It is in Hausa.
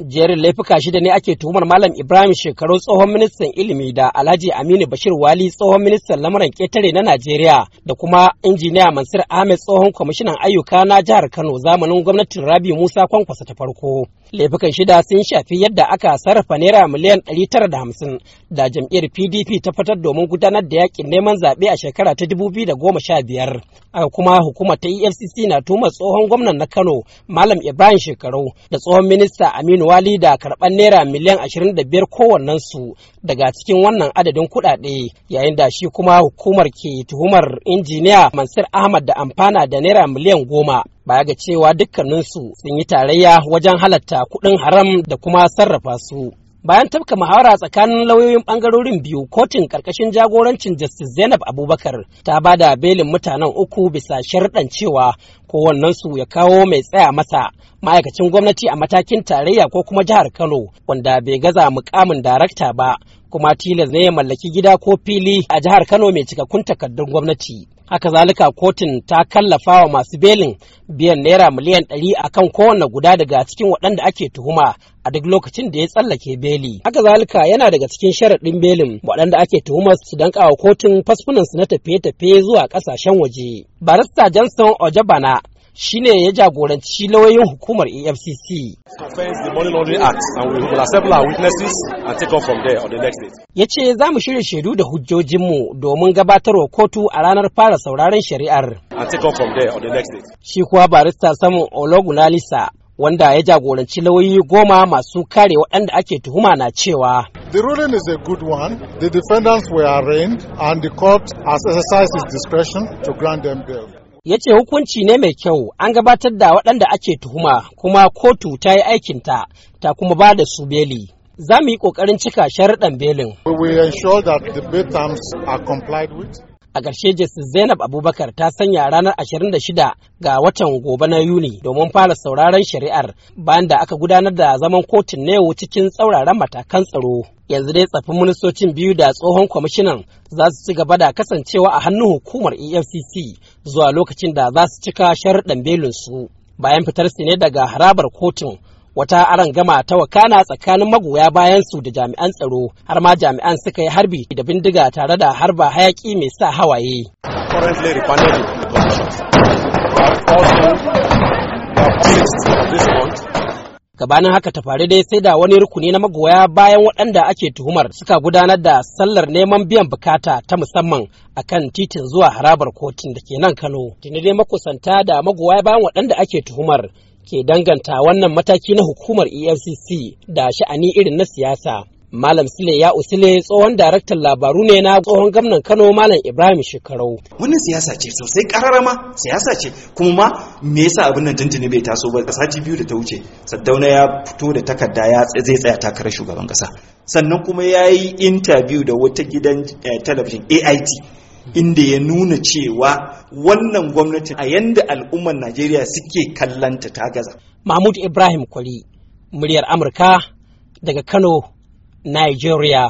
jerin laifuka shida ne ake tuhumar malam ibrahim shekaru tsohon ministan ilimi da alhaji aminu bashir wali tsohon ministan lamarin ketare na najeriya da kuma injiniya mansur ahmed tsohon kwamishinan ayyuka na jihar kano zamanin gwamnatin rabi musa kwankwasa ta farko laifukan shida sun shafi yadda aka sarrafa naira miliyan ɗari tara da hamsin da jam'iyyar pdp ta fitar domin gudanar da yakin neman zaɓe a shekara ta dubu biyu da goma sha biyar kuma hukumar ta efcc na tuhumar tsohon gwamnan na kano malam ibrahim shekaru da tsohon minista aminu wali da karɓar naira miliyan 25 kowannensu daga cikin wannan adadin kuɗaɗe yayin da shi kuma hukumar ke tuhumar injiniya mansur ahmad da amfana da naira miliyan goma baya ga cewa dukkaninsu sun yi tarayya wajen halatta kuɗin haram da kuma sarrafa su bayan tafka muhawara tsakanin lauyoyin bangarorin biyu kotun karkashin jagorancin justice zainab abubakar ta ba da belin mutanen uku bisa sharɗan cewa kowannensu ya kawo mai tsaya masa ma'aikacin gwamnati a matakin tarayya ko kuma jihar kano wanda bai gaza mukamin darakta ba kuma tilas ne ya mallaki gida ko fili a jihar Kano mai cikakkun takardun gwamnati. Haka zalika kotun ta kallafa wa masu belin biyan naira miliyan ɗari a kan kowane guda daga cikin waɗanda ake tuhuma a duk lokacin da ya tsallake beli. Haka zalika yana daga cikin sharaɗin belin waɗanda ake tuhumar su danka wa kotun fasfunansu na tafiye-tafiye zuwa ƙasashen waje. Barista Johnson Ojabana Shi ne ya jagoranci lauyoyin hukumar EFCC. Ya ce za mu shirya shaidu da hujjojinmu domin gabatar wa kotu a ranar fara sauraron shari'ar. Shi kuwa barista samun Ologunalisa wanda ya jagoranci lauyoyi goma masu kare waɗanda ake tuhuma na cewa. The ruling is a good one. The defendants were arraigned and the court has exercised its discretion to grant them bail. ya ce hukunci ne mai kyau an gabatar da waɗanda ake tuhuma kuma kotu ta yi aikinta ta kuma ba da su beli. za mu yi ƙoƙarin cika sharaɗan belin. a ƙarshe Justice Zainab Abubakar ta sanya ranar 26 ga watan gobe na Yuni domin fara sauraron shari'ar bayan da aka gudanar da zaman kotun na yau cikin tsauraran matakan tsaro. Yanzu dai tsafin ministocin biyu da tsohon kwamishinan za su ci gaba da kasancewa a hannun hukumar EFCC zuwa lokacin da za su cika sharuɗan belinsu. Bayan fitar su ne daga harabar kotun wata gama, ta wakana tsakanin magoya bayan su da jami'an tsaro har ma jami'an suka yi harbi da bindiga tare da harba hayaki mai sa hawaye gabanin haka ta faru dai sai da wani rukuni na magoya bayan waɗanda ake tuhumar suka gudanar da sallar neman biyan bukata ta musamman a kan titin zuwa harabar kotun da ke nan kano tunidai dai makusanta da magoya bayan waɗanda ake tuhumar ke danganta wannan mataki na hukumar efcc da sha'ani irin na siyasa Malam Sile ya usile tsohon daraktan labaru ne na tsohon gwamnan Kano Malam Ibrahim Shekarau. Wannan siyasa ce sosai kararama siyasa ce kuma ma me yasa abin nan tuntuni bai taso ba sati biyu da ta wuce Saddauna ya fito da takarda ya zai tsaya takarar shugaban kasa sannan kuma ya yi intabiyu da wata gidan eh, talabijin AIT inda ya nuna cewa wannan gwamnati a yanda al'ummar Najeriya suke kallanta ta gaza. Mahmud Ibrahim Kwari, muryar Amurka daga Kano, Nigeria.